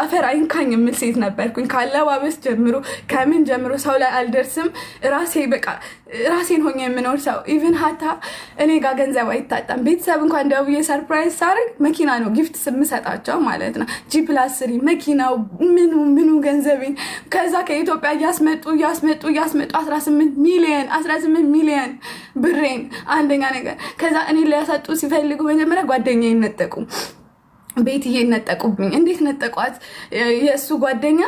አፈር አይንካኝ የምል ሴት ነበርኩኝ። ከአለባበስ ጀምሮ ከምን ጀምሮ ሰው ላይ አልደርስም። ራሴ በቃ ራሴን ሆኜ የምኖር ሰው ኢቨን ሀታ እኔ ጋር ገንዘብ አይታጣም። ቤተሰብ እንኳን ደውዬ ሰርፕራይዝ ሳደርግ መኪና ነው ጊፍት ስምሰጣቸው ማለት ነው። ጂ ፕላስ ስሪ መኪናው ምኑ ምኑ ገንዘቤን ከዛ ከኢትዮጵያ እያስመጡ እያስመጡ እያስመጡ 18 ሚሊየን 18 ሚሊየን ብሬን አንደኛ ነገር። ከዛ እኔ ሊያሳጡ ሲፈልጉ መጀመሪያ ጓደኛ ይነጠቁ ቤትዬ ነጠቁብኝ። እንዴት ነጠቋት? የእሱ ጓደኛ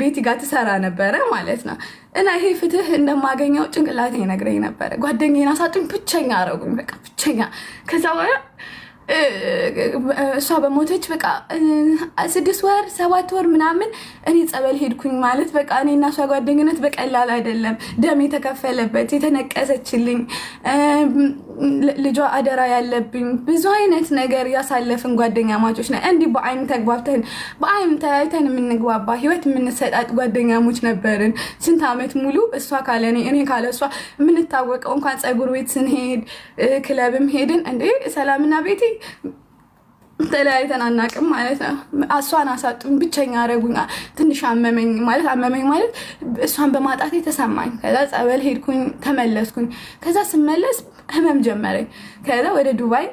ቤቲ ጋር ትሰራ ነበረ ማለት ነው። እና ይሄ ፍትህ እንደማገኘው ጭንቅላቴ ነግረኝ ነበረ። ጓደኛዬን አሳጡኝ፣ ብቸኛ አረጉኝ፣ በቃ ብቸኛ ከዛ በኋላ እሷ በሞተች በቃ ስድስት ወር ሰባት ወር ምናምን እኔ ጸበል ሄድኩኝ ማለት በቃ እኔ እና እሷ ጓደኝነት በቀላል አይደለም። ደም የተከፈለበት የተነቀሰችልኝ፣ ልጇ አደራ ያለብኝ ብዙ አይነት ነገር ያሳለፍን ጓደኛ ማቾች ነ እንዲህ በአይን ተግባብተን በአይን ተያይተን የምንግባባ ህይወት የምንሰጣጥ ጓደኛሞች ነበርን። ስንት አመት ሙሉ እሷ ካለ እኔ እኔ ካለ እሷ የምንታወቀው እንኳን ፀጉር ቤት ስንሄድ ክለብም ሄድን እንዴ ሰላምና ቤቴ ተለያይተን አናቅም ማለት ነው። እሷን አሳጡኝ፣ ብቸኛ አረጉኝ። ትንሽ አመመኝ ማለት አመመኝ ማለት እሷን በማጣት ተሰማኝ። ከዛ ጸበል ሄድኩኝ፣ ተመለስኩኝ። ከዛ ስመለስ ህመም ጀመረኝ። ከዛ ወደ ዱባይ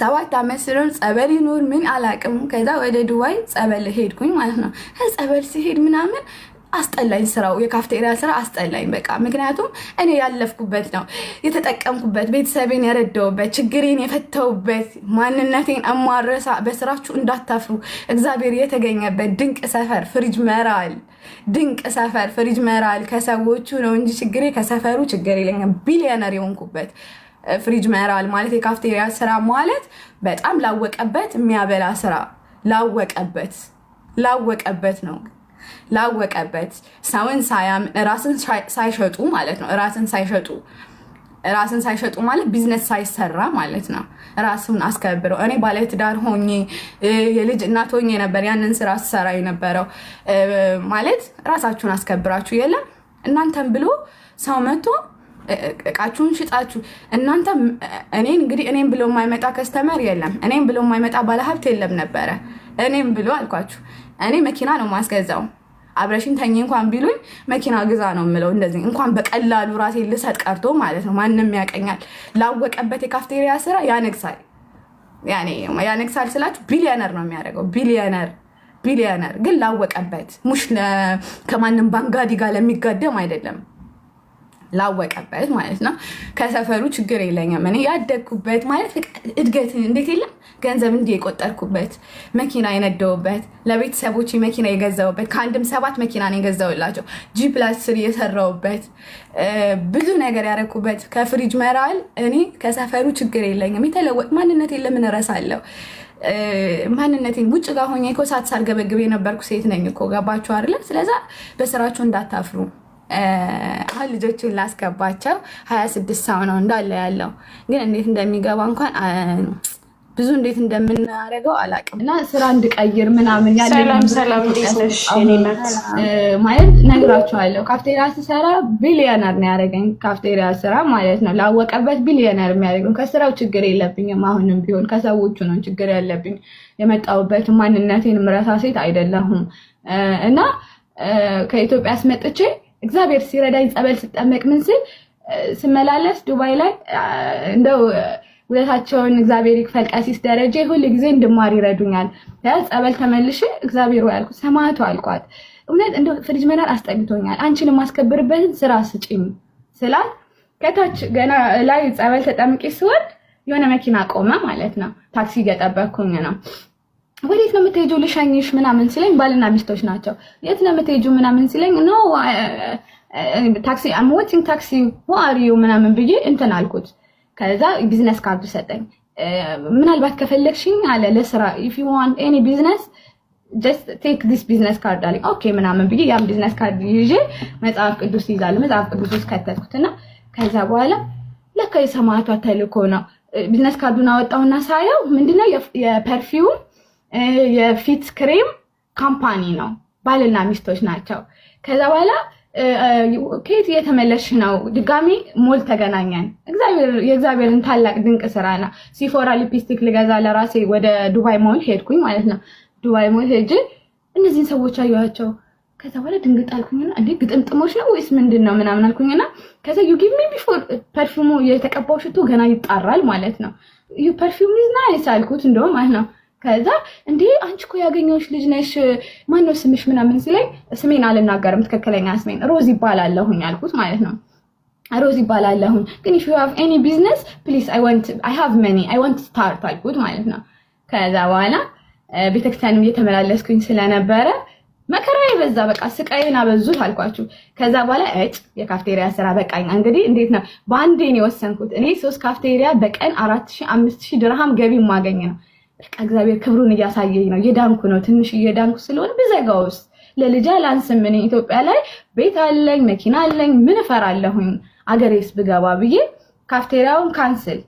ሰባት አመት ስለሆን ጸበል ይኖር ምን አላውቅም። ከዛ ወደ ዱባይ ጸበል ሄድኩኝ ማለት ነው። ጸበል ሲሄድ ምናምን አስጠላኝ ስራው፣ የካፍቴሪያ ስራ አስጠላኝ በቃ። ምክንያቱም እኔ ያለፍኩበት ነው የተጠቀምኩበት፣ ቤተሰቤን የረዳውበት፣ ችግሬን የፈተውበት፣ ማንነቴን እማረሳ። በስራችሁ እንዳታፍሩ። እግዚአብሔር የተገኘበት ድንቅ ሰፈር ፍሪጅ መራል፣ ድንቅ ሰፈር ፍሪጅ መራል። ከሰዎቹ ነው እንጂ ችግሬ ከሰፈሩ ችግር የለኝም። ቢሊዮነር የሆንኩበት ፍሪጅ መራል ማለት የካፍቴሪያ ስራ ማለት በጣም ላወቀበት የሚያበላ ስራ ላወቀበት ላወቀበት ነው። ላወቀበት ሰውን ሳያምን ራስን ሳይሸጡ ማለት ነው። ራስን ሳይሸጡ ራስን ሳይሸጡ ማለት ቢዝነስ ሳይሰራ ማለት ነው። ራሱን አስከብረው። እኔ ባለትዳር ሆኜ የልጅ እናት ሆኜ ነበር ያንን ስራ ስሰራ የነበረው። ማለት ራሳችሁን አስከብራችሁ የለም እናንተም ብሎ ሰው መጥቶ እቃችሁን ሽጣችሁ እናንተ እኔን እንግዲህ እኔም ብሎ የማይመጣ ከስተመር የለም። እኔም ብሎ የማይመጣ ባለሀብት የለም ነበረ። እኔም ብሎ አልኳችሁ፣ እኔ መኪና ነው ማስገዛው። አብረሽን ተኝ እንኳን ቢሉኝ መኪና ግዛ ነው የምለው። እንደዚህ እንኳን በቀላሉ ራሴ ልሰጥ ቀርቶ ማለት ነው። ማንም ያቀኛል። ላወቀበት የካፍቴሪያ ስራ ያነግሳል። ያነግሳል ስላችሁ ቢሊዮነር ነው የሚያደርገው። ቢሊዮነር ቢሊዮነር ግን ላወቀበት ሙሽ ከማንም ባንጋዲ ጋር ለሚጋደም አይደለም። ላወቀበት ማለት ነው። ከሰፈሩ ችግር የለኝም እኔ ያደግኩበት ማለት እድገት እንዴት የለም ገንዘብ እንዲህ የቆጠርኩበት መኪና የነደውበት ለቤተሰቦች መኪና የገዛውበት ከአንድም ሰባት መኪና ነው የገዛውላቸው ጂ ፕላስ ስር የሰራውበት ብዙ ነገር ያደረኩበት ከፍሪጅ መራል እኔ ከሰፈሩ ችግር የለኝም የተለወጥ ማንነት የለምን ረሳለሁ ማንነቴን ውጭ ጋር ሆኜ እኮ ሳት ሳርገበግብ የነበርኩ ሴት ነኝ እኮ ገባችሁ አይደለ? ስለዛ በስራችሁ እንዳታፍሩ። አሁን ልጆቹን ላስገባቸው ሀያ ስድስት ሰው ነው እንዳለ ያለው፣ ግን እንዴት እንደሚገባ እንኳን ብዙ እንዴት እንደምናደርገው አላውቅም። እና ስራ እንድቀይር ምናምን ያለ ማለት ነግራቸዋለሁ። ካፍቴሪያ ስሰራ ቢሊዮነር ነው ያደረገኝ። ካፍቴሪያ ስራ ማለት ነው ላወቀበት ቢሊዮነር የሚያደርገኝ። ከስራው ችግር የለብኝም። አሁንም ቢሆን ከሰዎቹ ነው ችግር ያለብኝ። የመጣሁበት ማንነቴን ምረሳ ሴት አይደለሁም እና ከኢትዮጵያ አስመጥቼ እግዚአብሔር ሲረዳኝ ጸበል ስጠመቅ ምን ስል ስመላለስ ዱባይ ላይ እንደው ውለታቸውን እግዚአብሔር ይክፈል ቀሲስ ደረጀ ሁል ጊዜ እንድማር ይረዱኛል። ጸበል ተመልሼ እግዚአብሔር ያልኩ ሰማቱ አልኳት። እውነት እንደ ፍሪጅ መዳን አስጠግቶኛል። አንቺን የማስከብርበትን ስራ ስጪኝ ስላል ከታች ገና ላይ ጸበል ተጠምቄ ስወርድ የሆነ መኪና ቆመ ማለት ነው። ታክሲ እየጠበቅኩኝ ነው። ወዴት ነው የምትሄጂው? ልሸኝሽ ምናምን ሲለኝ ባልና ሚስቶች ናቸው። የት ነው የምትሄጂው ምናምን ሲለኝ ኖ ታክሲ አም ዌቲንግ ታክሲ ዋሪዩ ምናምን ብዬ እንትን አልኩት። ከዛ ቢዝነስ ካርድ ሰጠኝ። ምናልባት ከፈለግሽኝ አለ ለስራ ኢፍ ዩ ዋንት ኤኒ ቢዝነስ ጀስት ቴክ ዲስ ቢዝነስ ካርድ አለኝ። ኦኬ ምናምን ብዬ ያም ቢዝነስ ካርድ ይዤ መጽሐፍ ቅዱስ ይዛለ መጽሐፍ ቅዱስ ውስጥ ከተትኩትና ከዛ በኋላ ለካ የሰማዕቷ ተልእኮ ነው። ቢዝነስ ካርዱን አወጣውና ሳየው ምንድነው የፐርፊውም የፊት ክሬም ካምፓኒ ነው። ባልና ሚስቶች ናቸው። ከዛ በኋላ ከየት እየተመለሽ ነው? ድጋሚ ሞል ተገናኘን። የእግዚአብሔርን ታላቅ ድንቅ ስራ ነው። ሲፎራ ሊፕስቲክ ልገዛ ለራሴ ወደ ዱባይ ሞል ሄድኩኝ ማለት ነው። ዱባይ ሞል ሄጅ እነዚህን ሰዎች አየኋቸው። ከዛ በኋላ ድንግጥ አልኩኝና እንዴ ግጥምጥሞች ነው ወይስ ምንድን ነው ምናምን አልኩኝና ከዛ ዩ ጊቭ ሚ ቢፎር ፐርፊሙ የተቀባው ሽቶ ገና ይጣራል ማለት ነው። ዩ ፐርፊም ይዝና አልኩት እንደውም ማለት ነው ከዛ እንዴ አንቺ እኮ ያገኘሁሽ ልጅ ነሽ፣ ማነው ስምሽ ምናምን ሲለኝ ስሜን አልናገርም ትክክለኛ ስሜን ሮዝ ይባላለሁኝ አልኩት ማለት ነው። ሮዝ ይባላለሁኝ ግን ኢፍ ዩ ሃቭ ኤኒ ቢዝነስ ፕሊስ አይ ሃቭ መኒ አይ ዋንት ስታርት አልኩት ማለት ነው። ከዛ በኋላ ቤተክርስቲያንም እየተመላለስኩኝ ስለነበረ መከራ የበዛ በቃ ስቃይን አበዙት አልኳችሁ። ከዛ በኋላ እጭ የካፍቴሪያ ስራ በቃኝ። እንግዲህ እንዴት ነው በአንዴን የወሰንኩት እኔ ሶስት ካፍቴሪያ በቀን አራት ሺ አምስት ሺ ድርሃም ገቢ ማገኝ ነው በቃ እግዚአብሔር ክብሩን እያሳየኝ ነው። የዳንኩ ነው ትንሽ እየዳንኩ ስለሆነ ብዘጋው ውስጥ ለልጅ አላንስም። ምን ኢትዮጵያ ላይ ቤት አለኝ፣ መኪና አለኝ። ምን እፈራለሁኝ አገሬስ ብገባ ብዬ ካፍቴሪያውን ካንስል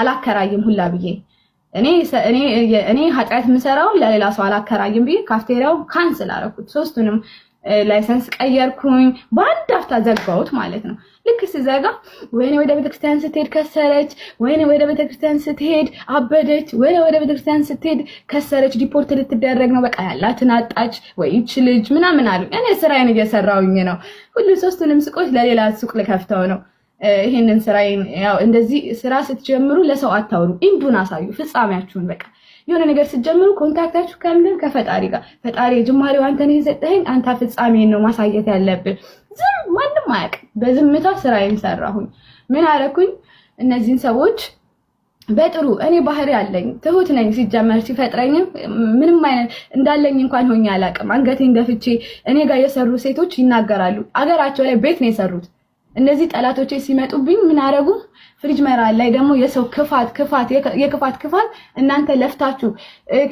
አላከራይም ሁላ ብዬ እኔ እኔ ኃጢአት የምሰራውን ለሌላ ሰው አላከራይም ብዬ ካፍቴሪያውን ካንስል አረኩት። ሶስቱንም ላይሰንስ ቀየርኩኝ። በአንድ አፍታ ዘጋሁት ማለት ነው። ልክ ስዘጋ ወይኔ ወደ ቤተክርስቲያን ስትሄድ ከሰረች፣ ወይኔ ወደ ቤተክርስቲያን ስትሄድ አበደች፣ ወይኔ ወደ ቤተክርስቲያን ስትሄድ ከሰረች፣ ዲፖርት ልትደረግ ነው፣ በቃ ያላትን አጣች፣ ወይ ይች ልጅ ምናምን አሉ። እኔ ስራዬን እየሰራውኝ ነው። ሁሉ ሶስቱንም ሱቆች ለሌላ ሱቅ ልከፍተው ነው። ይህንን ስራዬን ያው እንደዚህ ስራ ስትጀምሩ ለሰው አታውሩ፣ ኢንዱን አሳዩ፣ ፍጻሜያችሁን በቃ የሆነ ነገር ስትጀምሩ ኮንታክታችሁ ከምንም ከፈጣሪ ጋር ፈጣሪ ጅማሬው አንተ ነው የሰጠኸኝ፣ አንተ ፍጻሜን ነው ማሳየት ያለብን። ዝም ማንም አያውቅም። በዝምታ ስራዬን ሰራሁኝ። ምን አረኩኝ? እነዚህን ሰዎች በጥሩ እኔ ባህሪ አለኝ፣ ትሁት ነኝ። ሲጀመር ሲፈጥረኝም ምንም አይነት እንዳለኝ እንኳን ሆኜ አላውቅም። አንገቴን ደፍቼ እኔ ጋር የሰሩ ሴቶች ይናገራሉ። አገራቸው ላይ ቤት ነው የሰሩት እነዚህ ጠላቶቼ ሲመጡብኝ ምን አረጉ? ፍሪጅ መራል ላይ ደግሞ የሰው ክፋት ክፋት የክፋት ክፋት እናንተ ለፍታችሁ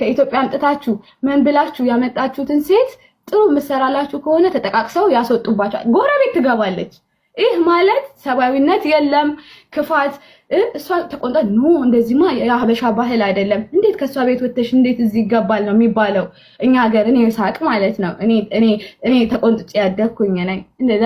ከኢትዮጵያ አምጥታችሁ ምን ብላችሁ ያመጣችሁትን ሴት ጥሩ ምሰራላችሁ ከሆነ ተጠቃቅሰው ያስወጡባችኋል። ጎረቤት ትገባለች። ይህ ማለት ሰብአዊነት የለም፣ ክፋት። እሷ ተቆንጣ ኖ እንደዚህማ የሀበሻ ባህል አይደለም። እንዴት ከእሷ ቤት ወተሽ እንዴት እዚህ ይገባል ነው የሚባለው። እኛ ሀገር እኔ ሳቅ ማለት ነው። እኔ ተቆንጥጬ ያደግኩኝ ነኝ እንደዛ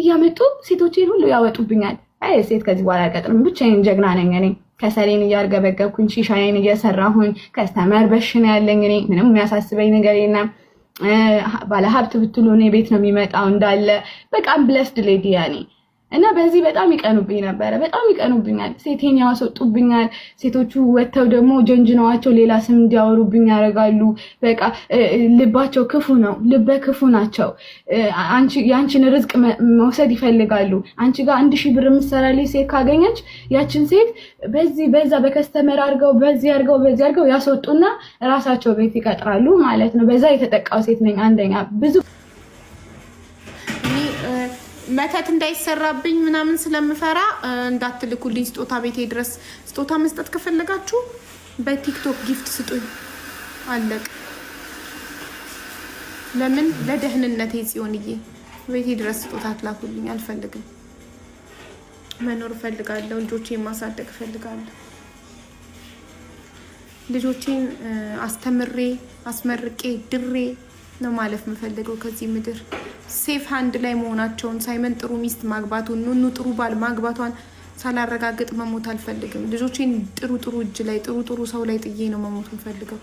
እያመጡ ሴቶችን ሁሉ ያወጡብኛል። አይ ሴት ከዚህ በኋላ አልቀጥርም፣ ብቻዬን ጀግና ነኝ እኔ ከሰሌን እያርገበገብኩኝ ሺሻዬን እየሰራሁኝ ከስተመር በሽን ያለኝ እኔ ምንም የሚያሳስበኝ ነገር የለም። ባለሀብት ብትሉ እኔ ቤት ነው የሚመጣው እንዳለ በቃም ብለስድ ሌዲ ያኔ እና በዚህ በጣም ይቀኑብኝ ነበረ። በጣም ይቀኑብኛል። ሴቴን ያስወጡብኛል። ሴቶቹ ወጥተው ደግሞ ጀንጅነዋቸው ሌላ ስም እንዲያወሩብኝ ያደርጋሉ። በቃ ልባቸው ክፉ ነው። ልበ ክፉ ናቸው። የአንቺን ርዝቅ መውሰድ ይፈልጋሉ። አንቺ ጋር አንድ ሺህ ብር የምትሰራልኝ ሴት ካገኘች ያችን ሴት በዚህ በዛ በከስተመር አድርገው በዚህ አድርገው በዚህ አድርገው ያስወጡና ራሳቸው ቤት ይቀጥራሉ ማለት ነው። በዛ የተጠቃው ሴት ነኝ አንደኛ ብዙ መተት እንዳይሰራብኝ ምናምን ስለምፈራ እንዳትልኩልኝ ስጦታ ቤቴ ድረስ። ስጦታ መስጠት ከፈለጋችሁ በቲክቶክ ጊፍት ስጡኝ። አለቅ ለምን ለደህንነቴ ጽዮንዬ ቤቴ ድረስ ስጦታ አትላኩልኝ። አልፈልግም። መኖር እፈልጋለሁ። ልጆቼን ማሳደግ እፈልጋለሁ። ልጆቼን አስተምሬ አስመርቄ ድሬ ነው ማለፍ የምፈልገው ከዚህ ምድር ሴፍ ሀንድ ላይ መሆናቸውን ሳይመን ጥሩ ሚስት ማግባቱን ኑኑ ጥሩ ባል ማግባቷን ሳላረጋግጥ መሞት አልፈልግም። ልጆቼን ጥሩ ጥሩ እጅ ላይ ጥሩ ጥሩ ሰው ላይ ጥዬ ነው መሞት የምፈልገው።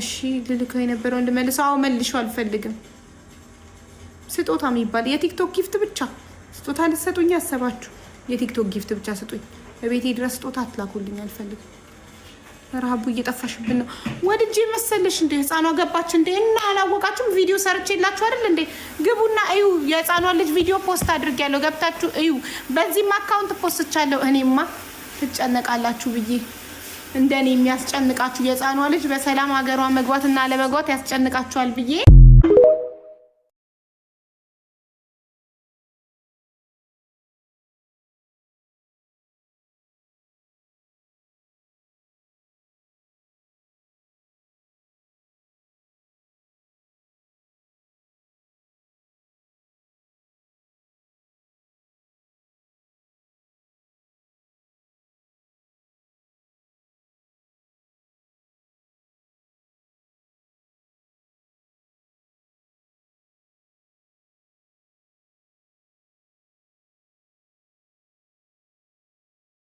እሺ ልልከው የነበረው እንድመልሰው አዎ መልሼው አልፈልግም። ስጦታ የሚባል የቲክቶክ ጊፍት ብቻ ስጦታ ልትሰጡኝ ያሰባችሁ የቲክቶክ ጊፍት ብቻ ስጡኝ። በቤቴ ድረስ ስጦታ አትላኩልኝ፣ አልፈልግም። ረሀቡ እየጠፋሽብን ነው። ወድጄ መሰለሽ እንዴ ህፃኗ ገባች እንዴ? እና አላወቃችሁም። ቪዲዮ ሰርች የላችሁ አይደል እንዴ? ግቡና እዩ። የህፃኗ ልጅ ቪዲዮ ፖስት አድርጌያለሁ፣ ገብታችሁ እዩ። በዚህም አካውንት ፖስትቻለሁ። እኔማ ትጨነቃላችሁ ብዬ እንደኔ የሚያስጨንቃችሁ የህፃኗ ልጅ በሰላም ሀገሯ መግባትና አለመግባት ያስጨንቃችኋል ብዬ